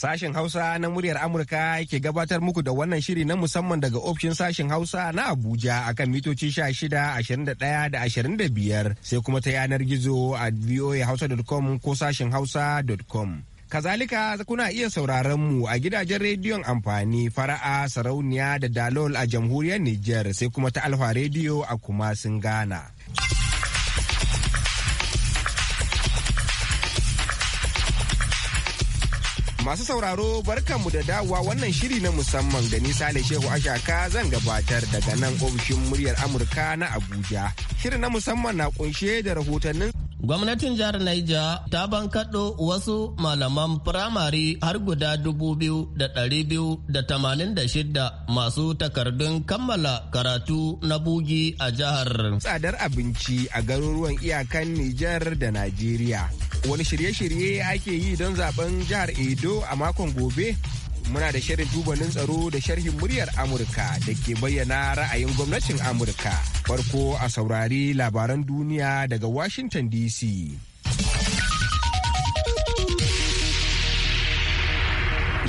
Sashen Hausa na muryar Amurka ke gabatar muku da wannan shiri na musamman daga ofishin sashen Hausa na Abuja akan mitoci 16, 21 da 25 sai kuma ta yanar gizo a voahausa.com ko sashen hausa.com. Kazalika kuna iya sauraron mu a gidajen rediyon amfani fara'a sarauniya da dalol a jamhuriyar Nijar sai kuma ta Alfa rediyo a kuma sun Ghana. Masu sauraro barkanmu da dawowa wannan shiri na musamman da nisa Sale Shehu Ashaka zan gabatar daga nan ofishin muryar Amurka na Abuja. Shirin na musamman na kunshe da rahotannin Gwamnatin jihar Naija ta bankaɗo wasu malaman firamare har guda dubu biyu da ɗari biyu da tamanin da shida masu takardun kammala karatu na bugi a jihar. Tsadar abinci a garuruwan iyakan Nijar da Najeriya. Wani shirye-shirye ake yi don zaben jihar Edo a makon gobe? muna da shirin dubanin tsaro da sharhin muryar Amurka da ke bayyana ra'ayin gwamnatin Amurka. Farko a saurari labaran duniya daga Washington DC.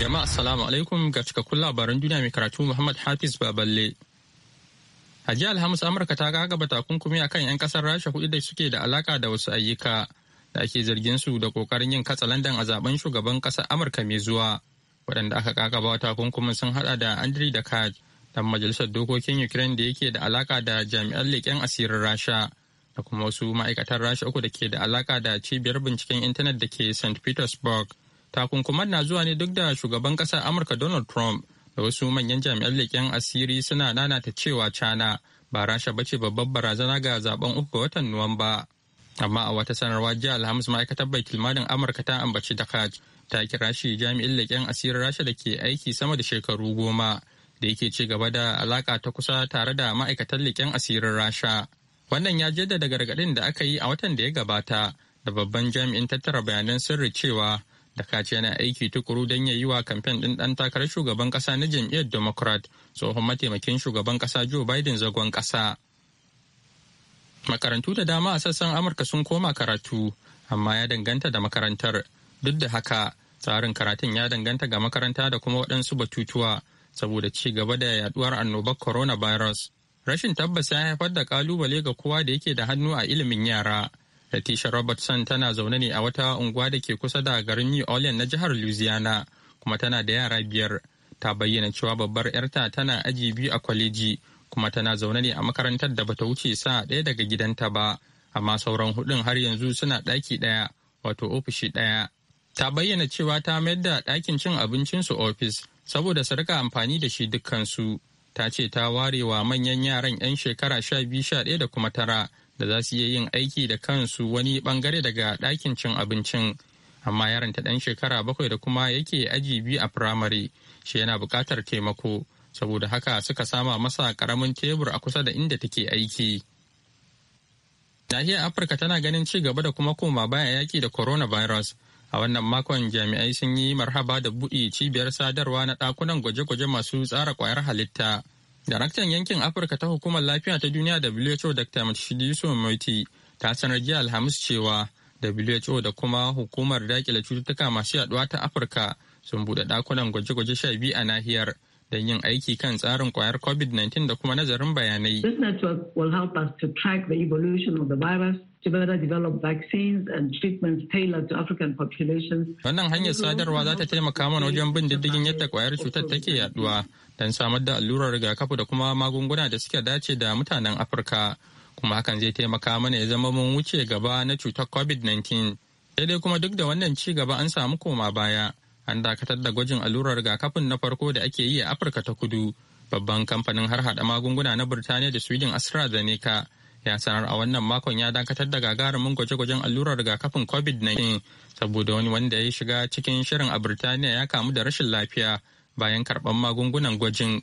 Jama'a salamu alaikum ga cikakkun labaran duniya mai karatu Muhammad Hafiz Baballe. Haji Alhamis Amurka ta gagaba takunkumi akan 'yan kasar Rasha kuɗi da suke da alaka da wasu ayyuka da ake zargin su da ƙoƙarin yin katsalandan a zaben shugaban ƙasar Amurka mai zuwa. waɗanda aka kakaba takunkumin sun hada da andri da kaj dan majalisar dokokin ukraine da yake da alaka da jami'an leƙen asirin rasha da kuma wasu ma'aikatan rasha uku da ke da alaka da cibiyar binciken intanet da ke st petersburg takunkuman na zuwa ne duk da shugaban ƙasar amurka donald trump da wasu manyan jami'an leƙen asiri suna nanata cewa cana ba rasha bace babbar barazana ga zaben uku ga watan nuwamba amma a wata sanarwa jiya alhamis ma'aikatar bai kilmadin amurka ta ambaci da ta kira shi jami'in leƙen asirin rasha da ke aiki sama da shekaru goma da yake ci gaba da alaka ta kusa tare da ma'aikatan leƙen asirin rasha wannan ya jaddada gargaɗin da aka yi a watan da ya gabata da babban jami'in tattara bayanan sirri cewa da kace yana aiki tukuru don ya yi wa kamfen ɗin ɗan takarar shugaban ƙasa na jam'iyyar democrat tsohon mataimakin shugaban ƙasa joe biden zagon ƙasa makarantu da dama a sassan amurka sun koma karatu amma ya danganta da makarantar duk da haka Tsarin karatun ya danganta ga makaranta da kuma waɗansu batutuwa saboda ci gaba da yaduwar annobar coronavirus. Rashin tabbas ya haifar da kalubale ga kowa da yake da hannu a ilimin yara. latisha Robertson tana zaune ne a wata unguwa da ke kusa da garin New Orleans na jihar Louisiana kuma tana da yara biyar. Ta bayyana cewa babbar 'yarta tana aji biyu a kwaleji kuma tana zaune ne a makarantar da bata wuce sa ɗaya daga gidanta ba amma sauran hudun har yanzu suna ɗaki ɗaya wato ofishi ɗaya ta bayyana cewa ta mayar da ɗakin cin abincinsu ofis saboda su rika amfani da shi dukkansu ta ce ta ware wa manyan yaran 'yan shekara sha biyu sha ɗaya da kuma tara da za su iya yin aiki da kansu wani bangare daga ɗakin cin abincin amma yaranta ta ɗan shekara bakwai da kuma yake aji biyu a firamare shi yana buƙatar taimako saboda haka suka sama masa ƙaramin tebur a kusa da inda take aiki. Nahiyar Afirka tana ganin ci gaba da kuma koma baya yaki da coronavirus A wannan makon jami'ai sun yi marhaba da buɗe cibiyar sadarwa na ɗakunan gwaje-gwaje masu tsara kwayar halitta. Daraktan yankin Afirka ta hukumar lafiya ta duniya WHO Dr. Matshidiso Moiti ta sanar jiya Alhamis cewa WHO da kuma hukumar daƙile cututtuka masu yaduwa ta Afirka sun buɗe ɗakunan gwaje-gwaje sha biyu a nahiyar. don yin aiki kan tsarin kwayar COVID-19 da kuma nazarin bayanai. This network will help us to track the evolution of the virus to better develop vaccines and treatments tailored to African populations. Wannan hanyar sadarwa za ta taimaka mana wajen bin diddigin yadda kwayar cutar take yaduwa don samar da allurar rigakafi da kuma magunguna da suke dace da mutanen Afirka. Kuma hakan zai taimaka mana ya zama mun wuce gaba na cutar COVID-19. dai kuma duk da wannan ci gaba an samu koma baya. An dakatar da gwajin allurar rigakafin na farko da ake yi a Afirka ta Kudu. Babban kamfanin har hada magunguna na Birtaniya da Sweden AstraZeneca ya sanar a wannan makon ya dakatar da gagarumin gwaje-gwajen allurar rigakafin covid-19 saboda wani wanda ya shiga cikin shirin a birtaniya ya kamu da rashin lafiya bayan karɓar magungunan gwajin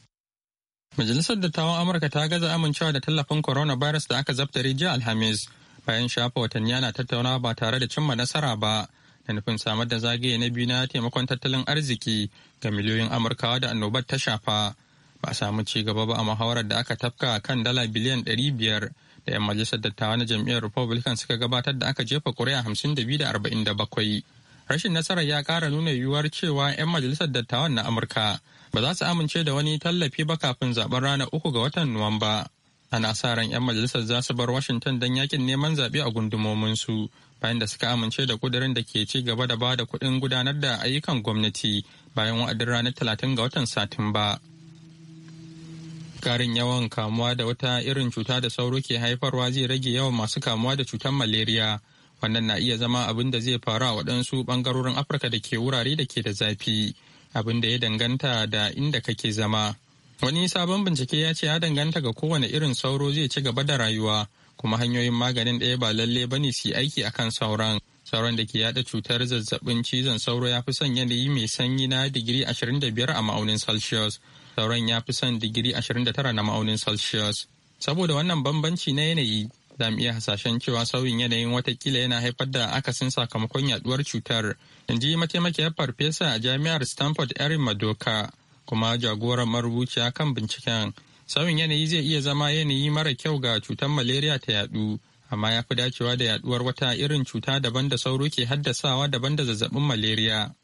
majalisar dattawan amurka ta gaza amincewa da tallafin coronavirus da aka zaftare jiya alhamis bayan shafa watanni ana tattaunawa ba tare da cimma nasara ba da nufin samar da zagaye na biyu na taimakon tattalin arziki ga miliyoyin amurkawa da annobar ta shafa ba a samu ci gaba ba a muhawarar da aka tafka kan dala biliyan ɗari biyar. da 'yan majalisar dattawa na jam'iyyar republican suka gabatar da aka jefa kuri'a hamsin da biyu da arba'in da bakwai rashin nasarar ya kara nuna yiwuwar cewa 'yan majalisar dattawan na amurka ba za su amince da wani tallafi ba kafin zaben ranar uku ga watan nuwamba ana sa ran 'yan majalisar za su bar washington don yakin neman zaɓe a gundumomin su bayan da suka amince da kudirin da ke ci gaba da ba da kuɗin gudanar da ayyukan gwamnati bayan wa'adin ranar talatin ga watan satumba. ba Karin yawan kamuwa da wata irin cuta da sauro ke haifarwa zai rage yawan masu kamuwa da cutar malaria. Wannan na iya zama abin da zai faru a waɗansu ɓangarorin Afirka da ke wurare da ke da zafi, abin da ya danganta da inda kake zama. Wani sabon bincike ya ce ya danganta ga kowane irin sauro zai ci gaba da rayuwa, kuma hanyoyin maganin ɗaya ba lalle ba ne su aiki a kan sauran. Sauran da ke yada cutar zazzabin cizon sauro ya fi son yanayi mai sanyi na digiri 25 a ma'aunin Celsius. sauran ya fi son digiri 29 na ma'aunin celsius saboda wannan bambanci na yanayi za mu iya hasashen cewa sauyin yanayin watakila yana haifar da akasin sakamakon yaduwar cutar in ji mataimakiyar farfesa a jami'ar stanford erin madoka kuma jagoran marubuciya kan binciken sauyin yanayi zai iya zama yanayi mara kyau ga cutar malaria ta yadu amma ya fi dacewa da yaduwar wata irin cuta daban da sauro ke haddasawa daban da zazzabin malaria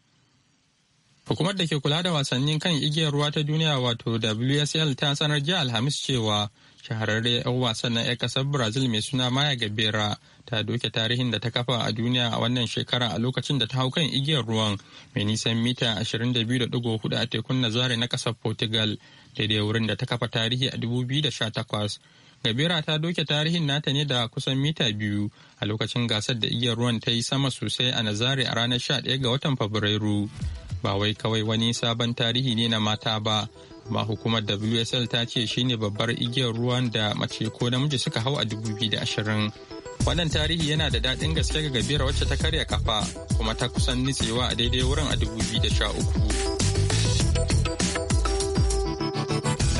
Hukumar da ke kula da wasannin kan igiyar ruwa ta duniya wato WSL ta sanar jiya Alhamis cewa shahararre 'yan wasan na 'yan kasar Brazil mai suna Maya Gabera ta doke tarihin da ta kafa a duniya a wannan shekara a lokacin da ta hau kan igiyar ruwan mai nisan mita 22.4 a tekun Nazare na kasar Portugal daidai wurin da ta kafa tarihi a 2018. Gabera ta doke tarihin nata ne da kusan mita biyu a lokacin gasar da igiyar ruwan ta yi sama sosai a Nazare a ranar 11 ga watan Fabrairu. ba wai kawai wani sabon tarihi ne na mata ba amma hukumar wsl ta ce shine babbar igiyar ruwan da mace ko namiji suka hau a 2020 wannan tarihi yana da daɗin gaske ga gabiyar wacce ta karya kafa kuma ta kusan nitsewa a daidai wurin a 2013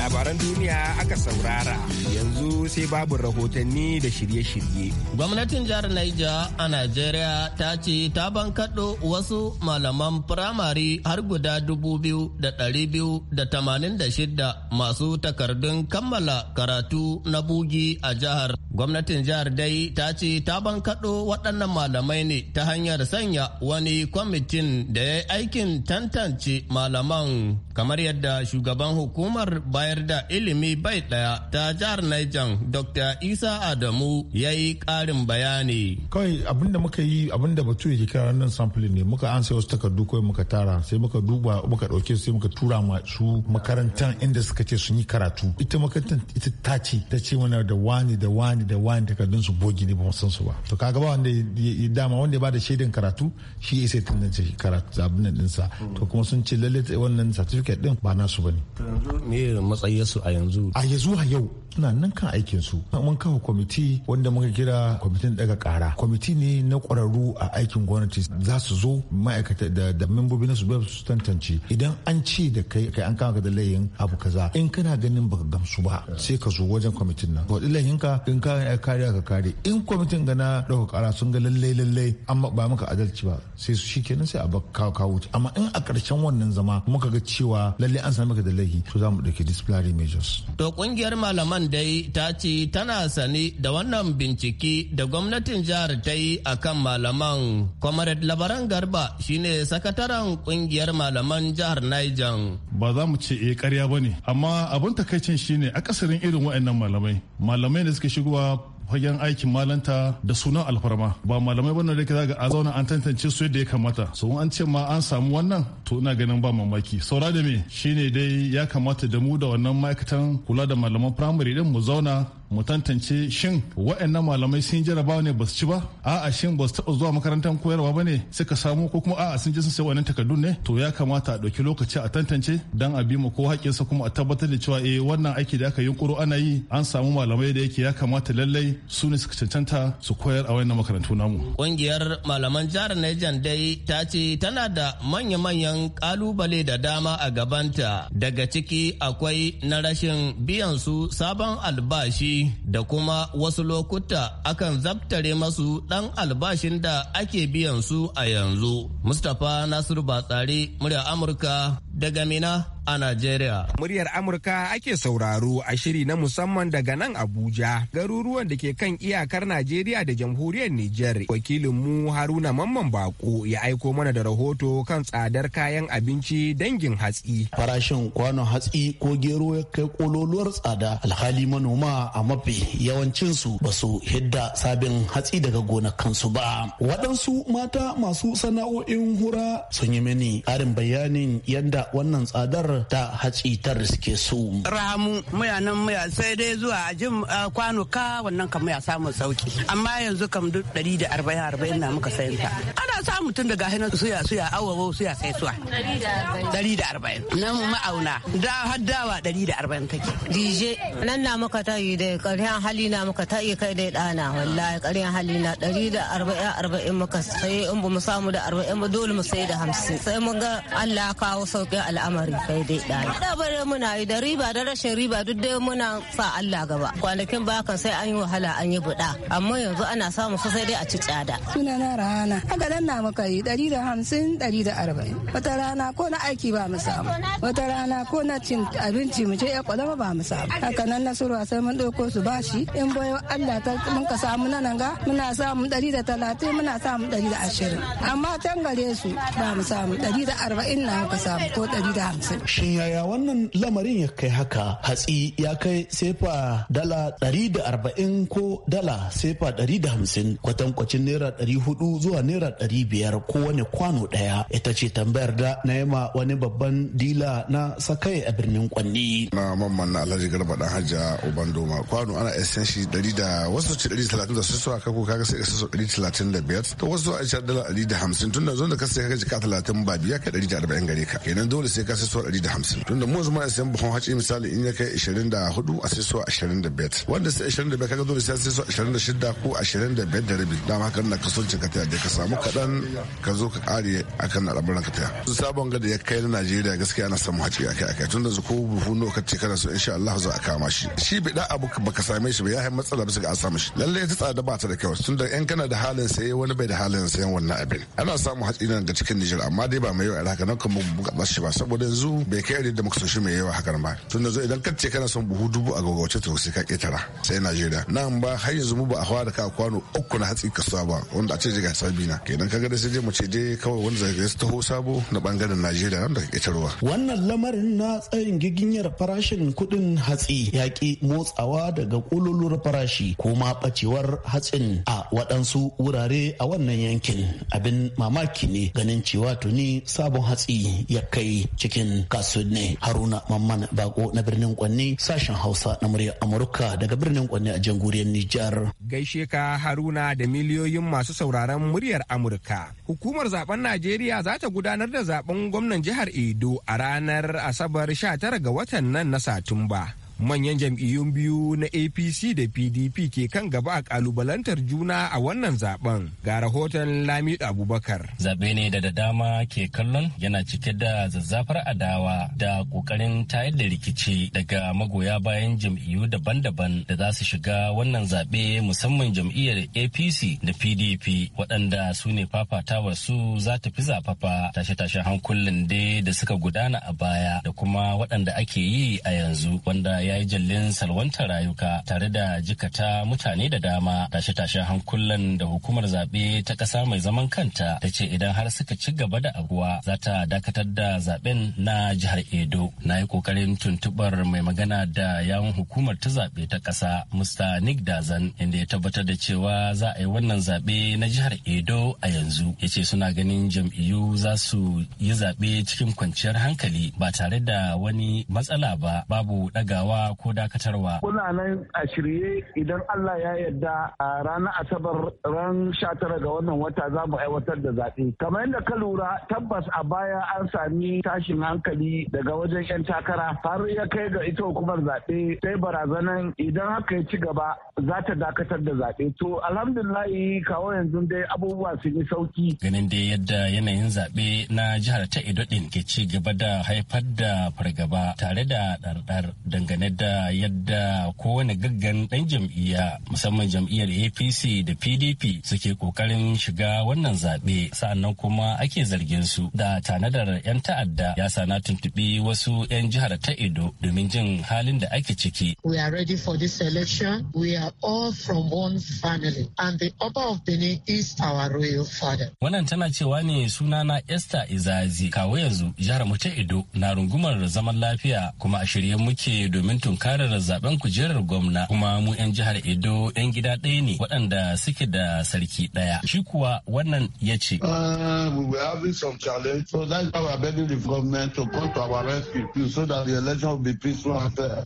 labaran duniya aka saurara yanzu sai babu rahotanni da shirye-shirye. Gwamnatin jihar Naija a Najeriya ta ce ta bankaɗo wasu malaman firamare har guda dubu biyu da ɗari biyu da tamanin da shidda masu takardun kammala karatu na bugi a jihar. Gwamnatin jihar dai ta ce ta bankaɗo waɗannan malamai ne ta hanyar sanya wani kwamitin da ya aikin tantance malaman kamar yadda shugaban hukumar bayar da ilimi bai ɗaya ta jihar Niger Dr. Isa Adamu ya yi ƙarin bayani. Kawai abinda muka yi abinda batu ya jikin nan sampling ne muka an sai wasu takardu kawai muka tara sai muka duba muka ɗauke sai muka tura ma su makarantar inda suka ce sun yi karatu. Ita makarantar ita ta ce ta ce mana da wani da wani da wani takardun su bogi ne ba san su ba. To kaga ba wanda ya dama wanda ya bada shaidan karatu shi ya sai tantance karatu abin nan ɗinsa. To kuma sun ce lalle wannan satifiket din ba nasu bane. Me matsayin su a yanzu? A yanzu a yau suna nan kan aikin su mun kawo kwamiti wanda muka kira kwamitin daga kara kwamiti ne na kwararru a aikin gwamnati za su zo ma'aikata da da membobi na su su tantance idan an ce da kai kai an kama ka da layin abu kaza in kana ganin baka gamsu ba sai ka zo wajen kwamitin nan to layin ka in ka kariya ka kare in kwamitin ga na dauka kara sun ga lalle lalle an ba maka adalci ba sai su shikenan sai a ba kawo kawo amma in a karshen wannan zama muka ga cewa lalle an sami maka da laifi to za mu dauki disciplinary measures to kungiyar malaman dai ta ce tana sane da wannan bincike da gwamnatin jihar ta yi a kan malaman. Comrade Labaran Garba shine sakataren kungiyar malaman jihar Niger. Ba za mu ce eh, ƙarya karya ba ne, amma abin takaicin shine akasarin irin waɗannan malamai. Malamai da suke shigowa fagen aikin malanta da sunan alfarma ba malamai bane da kaza ga a zauna an tantance su yadda ya kamata so an ce ma an samu wannan to ina ganin ba mamaki saura da me shine dai ya kamata da mu da wannan ma'aikatan kula da malaman firamare din mu zauna mu tantance shin waɗannan malamai sun jarabawa ne ba su ci ba a'a shin ba su taɓa zuwa makarantar koyarwa ba ne suka samu ko kuma a'a sun je sun sai wannan takardun ne to ya kamata a ɗauki lokaci a tantance dan a bi mu ko haƙƙinsa kuma a tabbatar da cewa eh wannan aiki da aka yi ƙuru ana yi an samu malamai da yake ya kamata lallai su ne suka cancanta su koyar a wannan makarantu namu. Ƙungiyar malaman jihar Niger dai ta ce tana da manya-manyan ƙalubale da dama a gabanta daga ciki akwai na rashin biyan su sabon albashi da kuma wasu lokuta akan zaftare masu dan albashin da ake biyan su a yanzu. Mustapha Nasiru Batsari, murya Amurka daga Mina a Najeriya. Muryar Amurka ake sauraro a shiri na musamman daga nan Abuja, garuruwan da ke kan iyakar Najeriya da jamhuriyar Nijar. mu Haruna Mamman Bako ya aiko mana da rahoto kan tsadar kayan abinci dangin hatsi. Farashin kwanon hatsi ko gero ya kai kololuwar tsada alhali manoma a mafi yawancinsu ba su hidda sabin hatsi daga gonakansu ba. Waɗansu mata masu sana'o'in hura sun yi mini ƙarin bayanin yadda wannan tsadar ta hatsi ta riske su. Ramu muya nan muya sai dai zuwa a jin kwano ka wannan kan muya samun sauki amma yanzu kam duk ɗari da arba'in arba'in na muka sayan ta. Ana samun tun daga hinan suya suya awawo suya sai suwa. Ɗari da arba'in. Nan ma'auna da har dawa ɗari da arba'in take. Dije nan na muka ta yi da ƙaryan hali na muka ta yi kai dai ɗana wallahi ƙaryan hali na ɗari da arba'in arba'in muka sai in ba mu samu da arba'in ba dole mu sai da hamsin sai mun ga Allah kawo sauƙin al'amari kai dai ɗaya. bare muna yi da riba da rashin riba duk dai muna sa Allah gaba. Kwanakin ba kan sai an yi wahala an yi buɗa amma yanzu ana samu su sai dai a ci tsada. Suna na rana haka nan na muka yi ɗari da hamsin ɗari da arba'in. Wata rana ko na aiki ba mu samu wata rana ko na cin abinci mu ce ya kwalama ba mu samu. Haka nan na surwa sai mun ɗauko su bashi in bayan Allah ta mun ka samu nan ga muna samu ɗari da talatin muna samu ɗari da ashirin amma can gare su ba mu samu ɗari da arba'in na muka samu ko ɗari da hamsin. Shin yaya wannan lamarin ya kai haka hatsi ya kai sefa dala dari da arba'in ko dala sefa dari da hamsin kwatankwacin naira dari hudu zuwa naira dari biyar wani kwano daya ita ce tambayar da na yama wani babban dila na sakai a birnin kwanni. Na mamman na Alhaji Garba dan Hajja Ubandoma kwano ana esenshi shi da wasu ce ɗari talatin da su suwa kako kaga sai su ɗari talatin da biyar to wasu a ce dala dari da hamsin tun da zo da ka sai kaji ka talatin ba biya ka ɗari da arba'in gare ka kenan dole sai ka sai su ɗari da hamsin tunda mu zama sayan buhun haci misali in ya kai ishirin da hudu a sai so ashirin da bet wanda sai ashirin da biyar kaga dole sai so ashirin da shida ko ashirin da bet da rabi dama kan na kaso ka taya da ka samu kaɗan ka zo ka ƙare kan al'amuran ka taya su sabon ga da ya kai na najeriya gaskiya ana samu haci akai akai tunda da ko buhu no ka ce kana so insha allah za a kama shi shi bai da abu baka same shi ba ya haifar matsala bisa ga an samu shi lalle ita tsada ba ta da kyau tunda yan kana da halin sai wani bai da halin sayan wannan abin ana samu hatsi nan ga cikin nijar amma dai ba mai a haka nan kuma buga shi ba saboda yanzu bai kai da muka mai yawa hakan ba tun da zo idan ka kana son buhu dubu a gaugace to sai ka ketara sai najeriya nan ba har yanzu mu ba a fara ka kwano uku na hatsi kasuwa ba wanda a ce jiga sabi na kenan kaga da sai dai mu ce dai kawai wanda zai su taho sabo na bangaren najeriya nan da ketarwa wannan lamarin na tsayin giginyar farashin kuɗin hatsi yaƙi motsawa daga kululuwar farashi ko ma bacewar hatsin a waɗansu wurare a wannan yankin abin mamaki ne ganin cewa tuni sabon hatsi ya kai cikin kasuwa su ne haruna mamman bako na birnin kwanni sashen hausa na muryar amurka daga birnin kwanni a jamhuriyar nijar gaishe ka haruna da miliyoyin masu sauraron muryar amurka hukumar zaben najeriya za ta gudanar da zaben gwamnan jihar edo a ranar asabar 19 ga watan nan na satumba manyan jam'iyyun biyu na apc da pdp ke kan gaba a kalubalantar juna a wannan zaben ga rahoton lamid abubakar zabe ne da da dama ke kallon yana cike da zazzafar adawa da kokarin tayar da rikici daga magoya bayan jam'iyyu daban-daban da za su shiga wannan zaɓe musamman jam'iyyar apc da pdp waɗanda su ne fafatawar su za ta fi zafafa tashe-tashen hankulin da da suka gudana a baya da kuma waɗanda ake yi a yanzu wanda ya yi jallin salwantar rayuka tare da jikata mutane da dama tashe-tashen hankulan da hukumar zaɓe ta ƙasa mai zaman kanta ta ce idan har suka ci gaba da aguwa za ta dakatar da zaɓen na jihar Edo. Na yi ƙoƙarin tuntuɓar mai magana da yawon hukumar ta zaɓe ta ƙasa musta Nick Dazan inda ya tabbatar da cewa za a yi wannan zaɓe na jihar Edo a yanzu. Ya ce suna ganin jam'iyyu za su yi zaɓe cikin kwanciyar hankali ba tare da wani matsala ba babu ɗagawa hanawa ko dakatarwa. Kuna nan a shirye idan Allah ya yarda a ranar Asabar ran 19 ga wannan wata za mu aiwatar da zaɓe. Kamar yadda ka lura tabbas a baya an sami tashin hankali daga wajen 'yan takara har ya kai ga ita hukumar zaɓe sai barazanan idan haka ya ci gaba za ta dakatar da zaɓe. To alhamdulillahi kawo yanzu dai abubuwa sun yi sauki. Ganin dai yadda yanayin zaɓe na jihar ta Edo ɗin ke ci gaba da haifar da fargaba tare da ɗarɗar dangane dangane da yadda kowane gaggan ɗan jam'iyya musamman jam'iyyar apc da pdp suke kokarin shiga wannan zaɓe sa'annan kuma ake zargin su da tanadar 'yan ta'adda ya sa na tuntuɓi wasu 'yan jihar ta edo domin jin halin da ake ciki. we are ready for this election we are all from one family and the Oba of benin is our royal father. wannan tana cewa ne sunana esther izazi kawo yanzu jihar mu ta edo na rungumar zaman lafiya kuma a shirye muke domin domin tunkarar zaben kujerar gwamna kuma mu 'yan jihar Edo 'yan gida ɗaya ne waɗanda suke da sarki ɗaya. Shi kuwa wannan ya ce. Uh,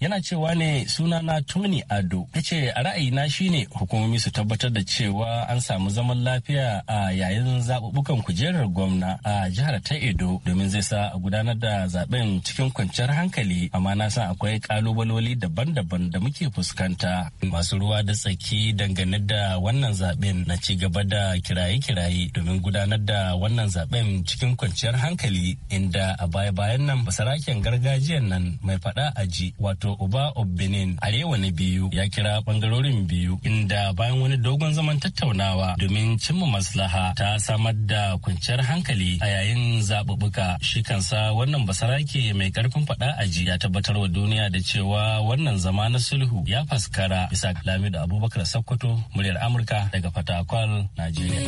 Yana cewa ne suna na Tony Ado. Ya ce a ra'ayina ne. hukumomi su tabbatar da cewa an samu zaman lafiya a yayin zaɓuɓɓukan kujerar gwamna a jihar ta Edo domin zai sa a gudanar da zaben cikin kwanciyar hankali amma na san akwai kalubale kalubaloli daban-daban da muke fuskanta masu ruwa da tsaki dangane da wannan zaben na ci gaba da kiraye-kiraye domin gudanar da wannan zaben cikin kwanciyar hankali inda a baya-bayan nan basaraken gargajiyar nan mai fada aji wato uba of benin arewa na biyu ya kira bangarorin biyu inda bayan wani dogon zaman tattaunawa domin cimma maslaha ta samar da kwanciyar hankali a yayin zaɓuɓɓuka shi kansa wannan basarake mai karfin fada aji ya tabbatar wa duniya da cewa cewa wannan zama na sulhu ya faskara isa da abubakar sakkwato muryar amurka daga fatakwal najeriya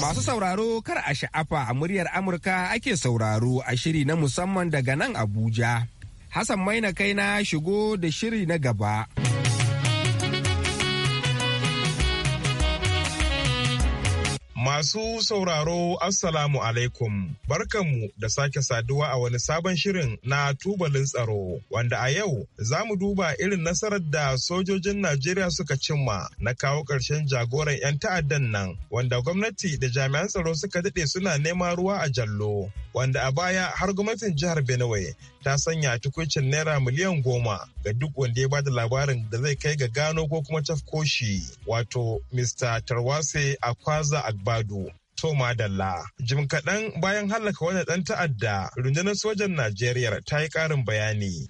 Masu sauraro kar a sha'afa a muryar Amurka ake sauraro a shiri na musamman daga nan Abuja. Hassan Maina na shigo da shiri na gaba. Masu sauraro Assalamu alaikum, barkanmu da sake saduwa a wani sabon shirin na tubalin tsaro wanda a yau za mu duba irin nasarar da sojojin Najeriya suka cimma na kawo ƙarshen jagoran 'yan ta'addan nan wanda gwamnati da jami'an tsaro suka daɗe suna neman ruwa a jallo wanda a baya har gwamnatin jihar Benue ta sanya tukwicin naira miliyan goma ga duk wanda ya bada labarin da zai kai ga gano ko kuma tafko shi wato mr tarwase akwaza agbado Toma Dalla. Jim kaɗan bayan hallaka wani ɗan ta'adda, rundunar sojan Najeriya ta yi ƙarin bayani.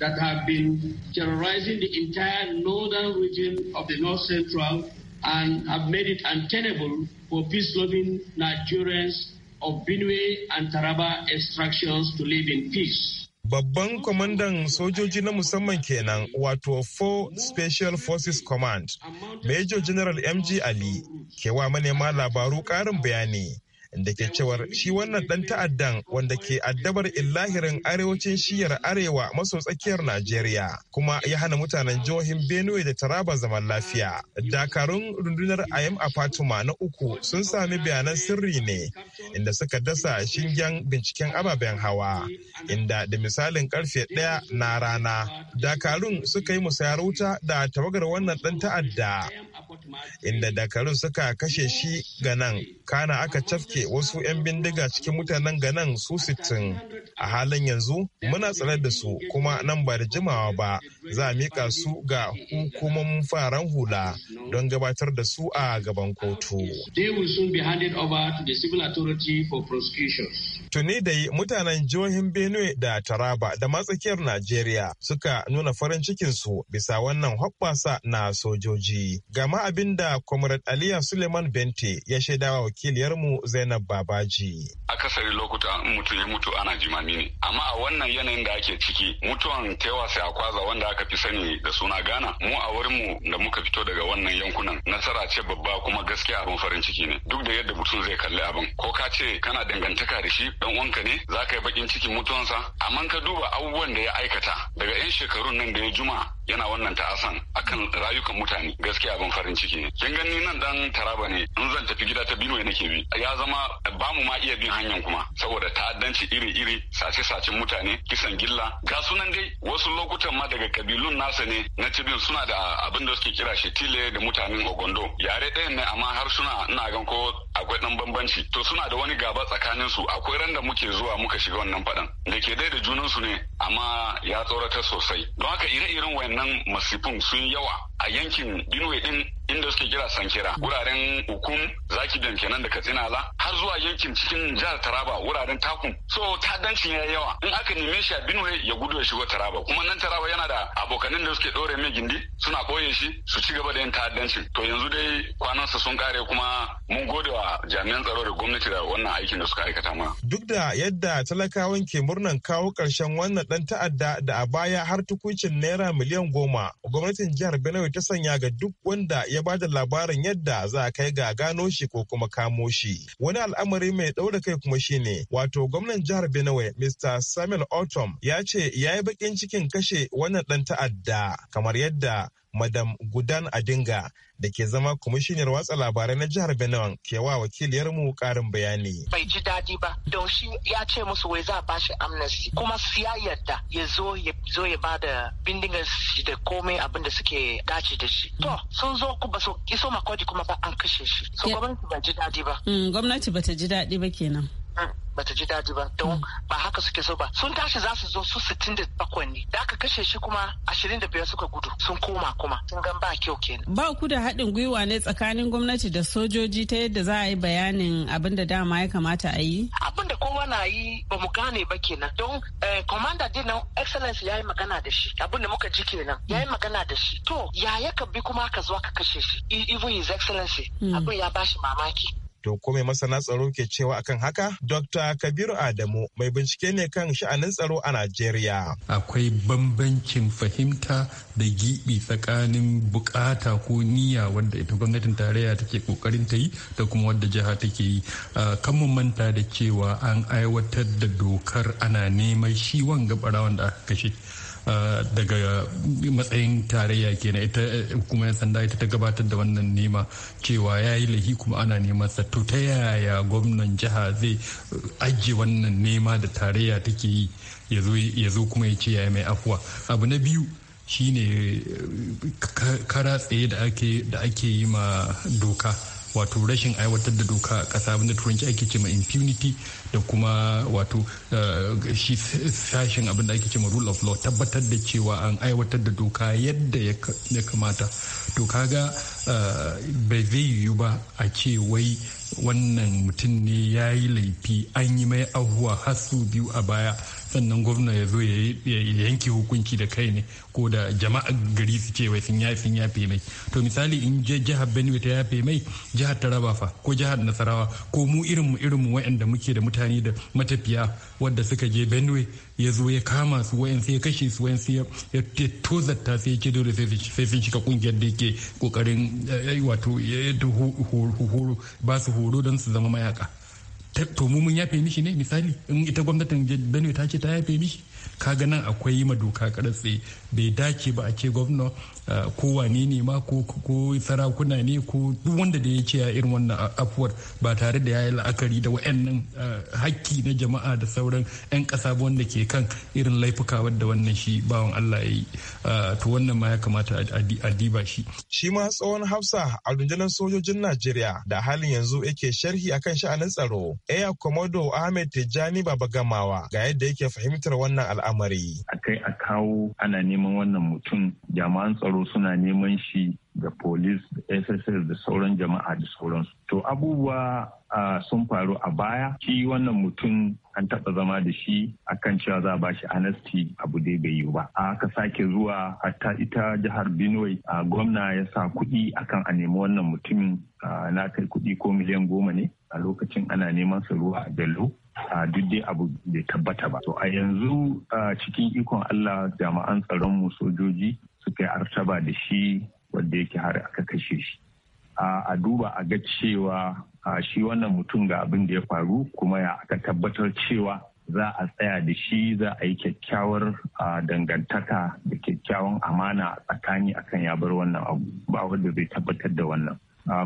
that have been terrorizing the entire northern region of the North Central and have made it untenable for peace-loving Nigerians of Benue and Taraba extractions to live in peace. Babban kwamandan sojoji na musamman kenan wato 4 Special Forces Command, Major General MG Ali, kewa manema labaru karin bayani. da ke cewar shi wannan dan ta'addan wanda ke addabar illahirin arewacin shiyar arewa maso tsakiyar Najeriya kuma ya hana mutanen jihohin Benue da Taraba zaman lafiya. Dakarun rundunar Ayam Fatuma na uku sun sami bayanan sirri ne inda suka dasa shingen binciken ababen hawa inda da misalin karfe ɗaya na rana dakarun suka yi musayar wuta da tawagar wannan dan ta'adda inda dakarun suka kashe shi ga nan kana aka cafke wasu 'yan bindiga cikin mutanen ga nan su sittin a halin yanzu muna tsare da su kuma nan ba da jimawa ba za a miƙa su ga hukumomin faran hula don gabatar da su a gaban kotu. They will soon be handed over to the civil for prosecution. tuni da mutanen jihohin benue da taraba da matsakiyar najeriya suka nuna farin cikinsu bisa wannan hoɓɓasa na sojoji gama abin da comrade aliya suleiman bente ya shaidawa wakiliyarmu zainab babaji akasari lokuta mutum ya mutu ana jimami ne amma a wannan yanayin da ake ciki mutuwan tewa sai akwaza wanda aka fi sani da suna gana mu a wurinmu da muka fito daga wannan yankunan nasara ce babba kuma gaskiya abin farin ciki ne duk da yadda mutum zai kalli abin ko ka ce kana dangantaka da shi dan uwanka ne za ka yi bakin cikin mutuwansa amma ka duba abubuwan da ya aikata daga 'yan shekarun nan da ya juma yana wannan ta'asan akan rayukan mutane gaskiya abin farin ciki ne kin gani nan dan taraba ne in zan tafi gida ta bino nake bi ya zama ba mu ma iya bin hanyar kuma saboda ta'addanci iri-iri sace-sacen mutane kisan gilla ga sunan dai wasu lokutan ma daga kabilun nasa ne na cibin suna da abin da suke kira shi tile da mutanen ogondo yare ɗayan ne amma har suna ina gan ko akwai ɗan bambanci to suna da wani gaba tsakanin su akwai ran da muke zuwa muka shiga wannan faɗan da ke dai da junan su ne amma ya tsorata sosai don haka ire-iren wayan waɗannan masifin sun yawa a yankin inuwa ɗin? inda suke kira sankira wuraren hukum zaki biyan kenan da katsinala har zuwa yankin cikin jihar taraba wuraren takun so danci ya yawa in aka neme shi a benue ya gudu ya shigo taraba kuma nan taraba yana da abokanin da suke dore mai gindi suna koye shi su ci gaba da yin ta'addanci to yanzu dai kwanansa sun kare kuma mun gode wa jami'an tsaro da gwamnati da wannan aikin da suka aikata mana duk da yadda talakawan ke murnan kawo karshen wannan dan ta'adda da a baya har tukuncin naira miliyan goma gwamnatin jihar benue ta sanya ga duk wanda ya ya ba da labarin yadda za a kai ga gano shi ko kuma kamo shi. Wani al'amari mai ɗaura kai kuma shi ne, wato gwamnan jihar Benue Mr. Samuel Otom ya ce ya yi baƙin cikin kashe wannan ɗan ta'adda kamar yadda madam gudan adinga da ke zama kwamishinar watsa labarai na jihar benin ke wa wakiliyarmu karin bayani bai ji daɗi ba don shi ya ce musu wai za a bashi amnesty kuma siya yarda ya zo ya zo ya bada bindigan shi da komai abin da suke dace da shi to sun zo ba su iso makodi kuma ba an kashe shi so gwamnati ba ji daɗi ba mm, gwamnati ba ta ji daɗi ba kenan Mm. bata ji daji ba don mm. ba haka suke so ba sun tashi za su zo su sittin da bakwai ne da aka kashe shi kuma ashirin da biyar suka gudu sun koma kuma sun gan ba kyau kenan. ba ku da haɗin gwiwa ne tsakanin gwamnati da sojoji ta yadda za a yi bayanin abin da dama ya kamata a yi. abin da kowa na yi ba mu gane ba kenan don eh, commander din nan excellence ya yi magana da shi abin da muka ji kenan ya yi mm. magana da shi to ya ya bi kuma ka zo ka kashe shi e-, even his excellence abin ya bashi mamaki To kome masana tsaro ke cewa akan haka? Dr. Kabiru Adamu mai bincike ne kan sha'anin tsaro a Najeriya. Akwai bambancin fahimta da giɓi tsakanin bukata ko niyya wadda ita gwamnatin tarayya take kokarin ta yi da kuma wadda jiha take yi. Kan mu manta da cewa an aiwatar da dokar ana neman shi wanga barawan da aka kashe. Eh, daga matsayin tarayya kenan ita eh, kuma yan sanda ita ta gabatar da wannan nema cewa ya yi lahi kuma ana neman sa to ta yaya gwamnan jiha zai eh, ajiye wannan nema da tarayya take yi ya zo kuma ya ce ya mai afuwa abu na biyu shine kara tsaye da ake yi ma doka wato rashin aiwatar da doka a ƙasa wanda turanci ake cema impunity da kuma wato eh, shi sashen abin da ake cema rule of law tabbatar da cewa an aiwatar da doka yadda ya kamata to kaga eh, bai zai yiwu ba a ce wai wannan mutum ne ya yi laifi an yi mai ahuwa hasu biyu a baya sannan gwamna ya zo ya yanke hukunci da kai ne ko da jama'a gari su ce wai sun yafe sun mai to misali in je jihar Benue ta yafe mai jihar Taraba fa ko jihar Nasarawa ko mu irin mu irin mu wa'anda muke da mutane da matafiya wadda suka je Benue ya zo ya kama su wayan sai ya kashe su wayan sai ya tozata sai ya ce dole sai sun shiga kungiyar da yake kokarin eh, eh, wato ya ba su horo don su zama mayaka to mu mun yafe mishi ne misali in ita gwamnatin Benue ta ce ta yafe mishi kaga nan akwai ma doka karatse bai dace ba a ce gwamna Eh, ko wane ne ma ko sarakuna ne ko duk wanda da ce ya irin wannan afuwar ba tare da ya yi la'akari da wa'annan eh, hakki na jama'a da sauran 'yan ƙasa wanda ke kan irin laifuka wadda wannan shi bawan Allah ya yi eh, to wannan ma ya kamata a diba shi. Shi ma tsohon Hafsa a rundunar sojojin Najeriya da halin yanzu yake sharhi akan sha'anin tsaro. Eya Komodo Ahmed Tijjani Baba Gamawa ga yadda yake fahimtar wannan al'amari. Akai a kawo ana neman wannan mutum jama'an tsaro tsaro suna neman shi da police da sss da sauran jama'a da sauransu to abubuwa sun faru a baya shi wannan mutum an taɓa zama da shi akan cewa za ba shi anasti a bude bai yi ba aka sake zuwa hatta ita jihar benue a gwamna ya sa kuɗi akan a nemi wannan mutumin na kai kuɗi ko miliyan goma ne a lokacin ana neman sa ruwa a bello a duk dai abu bai tabbata ba to a yanzu cikin ikon allah jama'an tsaron mu sojoji suka yi artaba da shi wanda yake har aka kashe shi a duba a ga cewa shi wannan mutum ga abin da ya faru kuma ya aka tabbatar cewa za a tsaya da shi za a yi kyakkyawar dangantaka da kyakkyawan amana a tsakani akan ya bar wannan abu ba wanda zai tabbatar da wannan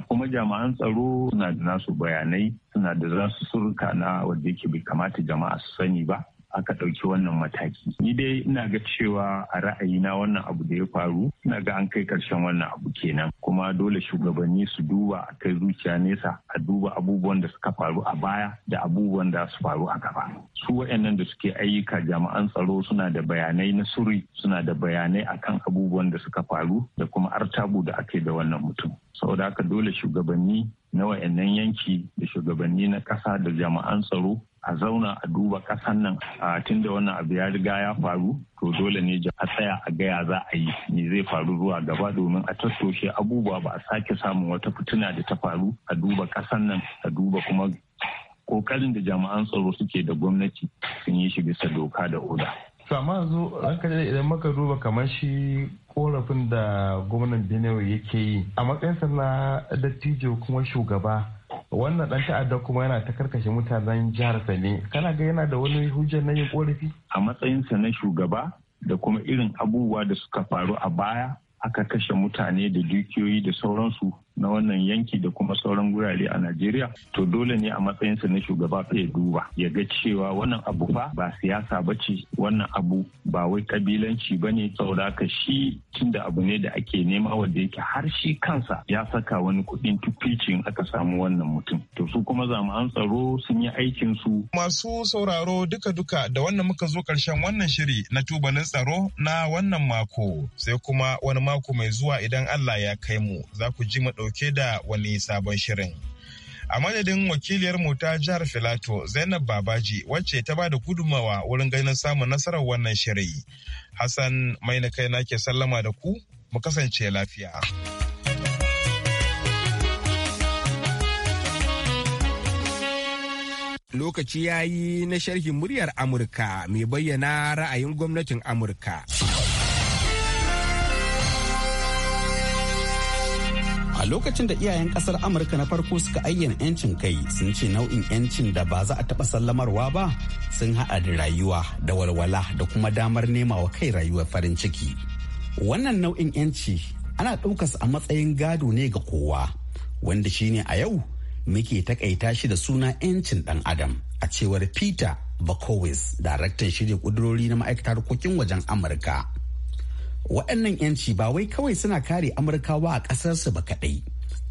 kuma jama'an tsaro suna da nasu bayanai suna da zasu surka na wanda yake bai kamata jama'a su sani ba aka ɗauki wannan mataki. Ni dai ina ga cewa a ra'ayina wannan abu da ya faru ina ga an kai ƙarshen wannan abu kenan kuma dole shugabanni su duba a kai zuciya nesa a duba abubuwan da suka faru a baya da abubuwan da su faru a gaba. Su wa'annan da suke ayyuka jami'an tsaro suna da bayanai na suri suna da bayanai akan abubuwan da suka faru da kuma artabu da aka yi da wannan mutum. Saboda haka dole shugabanni na wa'annan yanki da shugabanni na ƙasa da jami'an tsaro a zauna a duba kasan nan a tun da wannan abu ya riga ya faru to dole ne a tsaya a gaya za a yi me zai faru zuwa gaba domin a tattoshe abubuwa ba a sake samun wata fitina da ta faru a duba kasan nan a duba kuma kokarin da jami'an tsaro suke da gwamnati sun yi shi bisa doka da oda. sama yanzu idan maka duba kamar shi korafin da gwamnan Benue yake yi a matsayinsa na dattijo kuma shugaba wannan dan ta'adda kuma yana ta karkashe mutanen jihar Sani kana ga yana da wani hujjar na yin korafi a matsayinsa na shugaba da kuma irin abubuwa da suka faru a baya aka kashe mutane da dukiyoyi da sauransu na wannan yanki da kuma sauran gurare a Najeriya to dole ne a matsayinsa na shugaba ya duba ya ga cewa wannan abu fa ba siyasa ba ce wannan abu ba wai kabilanci ba ne saboda shi tunda abu ne da ake nema wanda yake har shi kansa ya saka wani kuɗin tufficin aka samu wannan mutum to su kuma an tsaro sun yi aikin su masu sauraro duka-duka da wannan muka zo karshen wannan shiri na tubalin tsaro na wannan mako sai kuma wani mako mai zuwa idan Allah ya kai mu za ku ji mu dauke da wani sabon shirin. A madadin wakiliyar mu ta jihar Filato Zainab Babaji wacce ta ba da gudumawa wurin ganin samun nasarar wannan shiri. Hassan mai na kai nake sallama da ku mu kasance lafiya. Lokaci ya yi na sharhin muryar Amurka mai bayyana ra'ayin gwamnatin Amurka. lokacin da iyayen kasar amurka na farko suka ayyana 'yancin kai sun ce nau'in 'yancin da ba za a taɓa sallamarwa ba sun haɗa da rayuwa da walwala da kuma damar nema wa kai rayuwar farin ciki wannan nau'in 'yanci ana ɗaukas a matsayin gado ne ga kowa wanda shine a yau muke takaita shi da suna 'yancin ɗan adam a cewar peter bakowis daraktan shirya ƙudurori na ma'aikatar harkokin wajen amurka waɗannan 'yanci ba wai kawai suna kare amurkawa a ƙasarsu ba kaɗai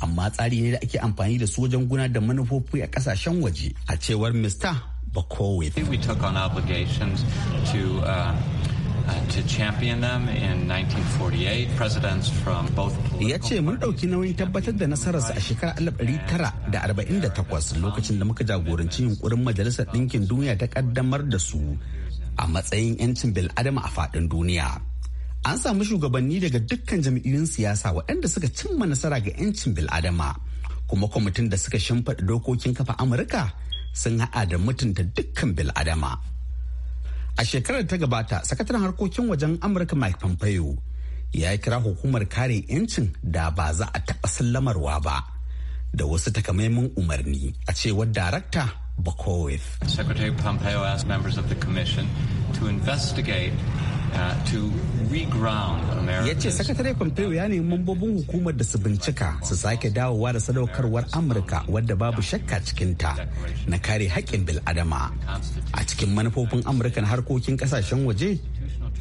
amma tsari ne da ake amfani da su wajen guna da manufofi a ƙasashen waje a cewar mr uh, uh, ya ce mun ɗauki nauyin tabbatar da nasararsa a shekarar 1948 lokacin da muka jagoranci yunkurin majalisar ɗinkin duniya ta ƙaddamar da su a matsayin 'yancin bil'adama a faɗin duniya. an samu shugabanni daga dukkan jam'iyyun siyasa waɗanda suka cimma nasara ga 'yancin bil'adama kuma kwamitin da suka shimfaɗa dokokin kafa amurka sun haɗa da mutunta dukkan bil'adama a shekarar ta gabata sakataren harkokin wajen amurka mike pompeo ya yi kira hukumar kare 'yancin da ba za a taɓa sallamarwa ba da wasu takamaiman umarni a cewar darakta Bakowith. Secretary Pompeo asked members of the commission to investigate Uh, ya ce sakatare pompeo ya nemi mambobin hukumar da su bincika su sake dawowa da sadaukarwar amurka wadda babu shakka cikinta na kare haƙƙin bil'adama a cikin manufofin amurka na harkokin ƙasashen waje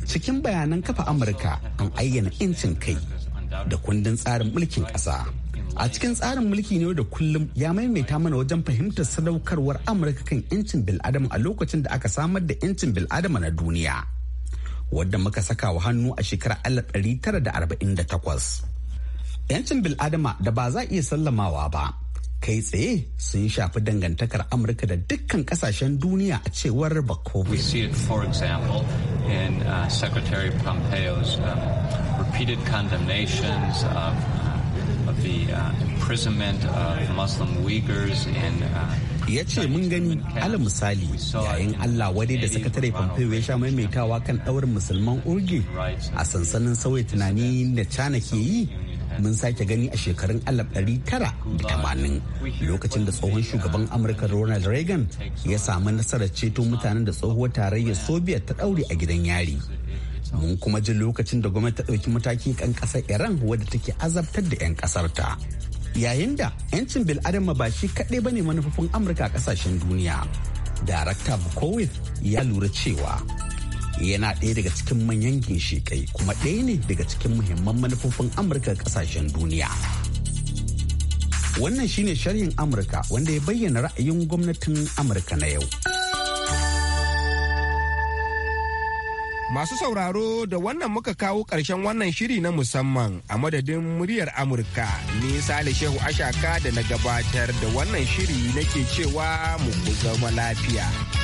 cikin bayanan kafa amurka an ayyana incin kai da kundin tsarin mulkin ƙasa a cikin tsarin mulki ne da kullum ya maimaita mana wajen fahimtar sadaukarwar amurka kan 'yancin bil'adama a lokacin da aka samar da 'yancin bil'adama na duniya wadda muka saka wa hannu a shekarar 1948 yancin bil'adama da ba za a iya sallamawa ba kai tsaye sun shafi dangantakar amurka da dukkan kasashen duniya a cewar bakobe uh, Secretary Pompeo's um, repeated condemnations of, uh, of the uh, imprisonment of Muslim Uyghurs in uh, ya ce mun gani ala misali yayin allah wadai da sakatare pompeo ya sha maimaitawa kan ɗaurin musulman urge a sansanin sauya tunani da cana ke yi mun sake gani a shekarun 1980 lokacin da tsohon shugaban amurka ronald reagan ya samu nasarar ceto mutanen da tsohuwar tarayyar soviet ta daure a gidan yari mun kuma ji lokacin da gwamnati ta ɗauki mataki kan ƙasar iran wadda take azabtar da 'yan ƙasarta yayin da 'yancin bil'adama ba shi kaɗai ne manufofin amurka a ƙasashen duniya darakta bukowit ya lura cewa yana ɗaya daga cikin manyan ginshiƙai kuma ɗaya ne daga cikin muhimman manufofin amurka a ƙasashen duniya wannan shine sharhin amurka wanda ya bayyana ra'ayin gwamnatin amurka na yau Masu sauraro da wannan muka kawo ƙarshen wannan shiri na musamman a madadin muryar Amurka. ne Sale Shehu Ashaka da na gabatar da wannan shiri nake cewa mu zama lafiya.